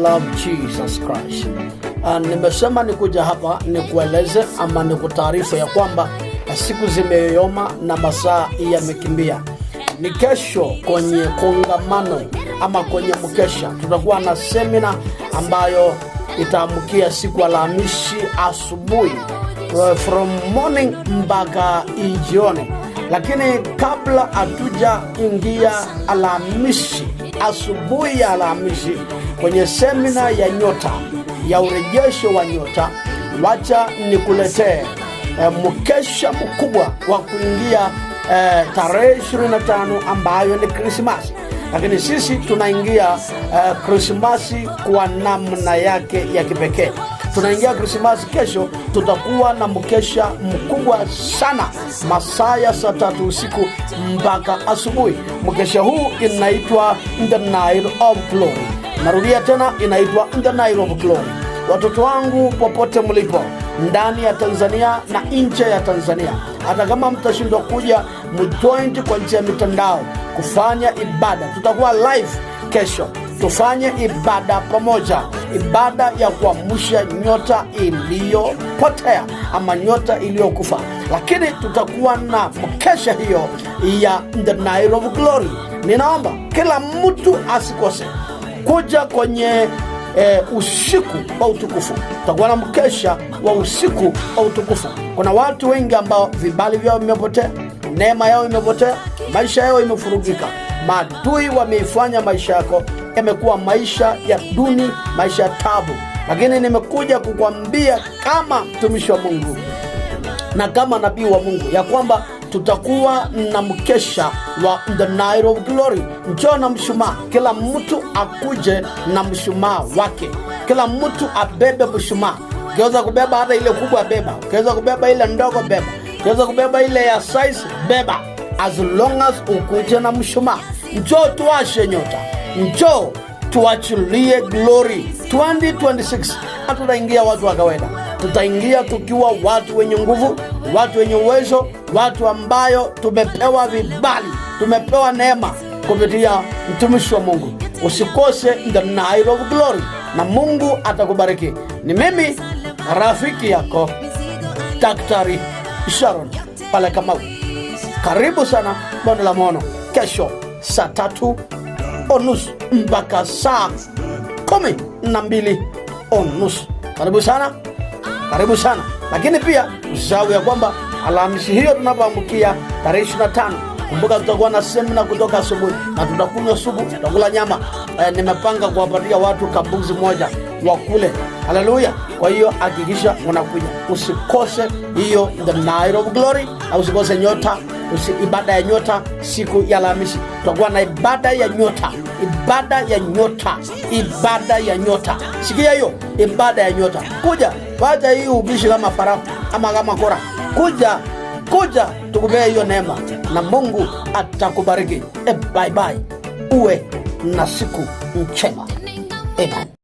love Jesus Christ. Uh, nimesema nikuja hapa nikueleze ama nikutaarifu ya kwamba ah, siku zimeyoyoma na masaa yamekimbia. Ni kesho kwenye kongamano ama kwenye mkesha, tutakuwa na semina ambayo itaamkia siku Alhamisi asubuhi eh, from morning mpaka ijioni, lakini kabla hatujaingia Alhamisi asubuhi ya Alhamisi kwenye semina ya nyota ya urejesho wa nyota, wacha nikuletee e, mkesha mkubwa wa kuingia e, tarehe 25 ambayo ni Krismasi lakini sisi tunaingia e, eh, Krismasi kwa namna yake ya kipekee. Tunaingia Krismasi kesho, tutakuwa na mkesha mkubwa sana masaa ya saa tatu usiku mpaka asubuhi. Mkesha huu inaitwa The Night of Glory. Narudia tena, inaitwa The Nile of Glory. Watoto wangu popote mlipo, ndani ya Tanzania na nje ya Tanzania, hata kama mtashindwa kuja, mjoint kwa njia ya mitandao kufanya ibada. Tutakuwa live kesho, tufanye ibada pamoja, ibada ya kuamsha nyota iliyopotea ama nyota iliyokufa. Lakini tutakuwa na mkesha hiyo ya The Nile of Glory. Ninaomba kila mtu asikose kuja kwenye e, usiku wa utukufu. Tutakuwa na mkesha wa usiku wa utukufu. Kuna watu wengi ambao vibali vyao vimepotea, neema yao imepotea, maisha yao imefurugika. Maadui wameifanya maisha yako yamekuwa maisha ya duni, maisha ya tabu. Lakini nimekuja kukwambia kama mtumishi wa Mungu na kama nabii wa Mungu ya kwamba tutakuwa na mkesha wa the night of glory. Njoo na mshumaa, kila mtu akuje na mshumaa wake, kila mtu abebe mshumaa. Ukiweza kubeba hata ile kubwa, beba. Ukiweza kubeba ile ndogo, beba. Ukiweza kubeba ile ya size, beba, as long as ukuje na mshumaa. Njoo tuwashe nyota, njoo tuachilie glory 2026 hatutaingia watu wa kawaida tutaingia tukiwa watu wenye nguvu, watu wenye uwezo, watu ambayo tumepewa vibali, tumepewa neema kupitia mtumishi wa Mungu. Usikose the night of glory, na Mungu atakubariki. Ni mimi rafiki yako Daktari Sharon pale Kamau. Karibu sana bonde la maono, kesho saa tatu onusu mpaka saa kumi na mbili onusu. Karibu sana karibu sana. Lakini pia usisahau ya kwamba Alhamisi hiyo tunapoambukia tarehe 25, kumbuka tutakuwa na semina kutoka asubuhi na tutakunywa supu, tutakula nyama. E, nimepanga kuwapatia watu kabuzi moja wa kule Haleluya! Kwa hiyo hakikisha unakuja, usikose hiyo the night of glory, na usikose nyota usi, ibada ya nyota siku ya Alhamisi tutakuwa na ibada ya nyota, ibada ya nyota, ibada ya nyota. Sikia hiyo ibada ya nyota, kuja waja hii ubishi kama Farao ama kama Kora, kuja kuja, tukupee hiyo neema na Mungu atakubariki. E, bye bye, uwe na siku njema. Amen.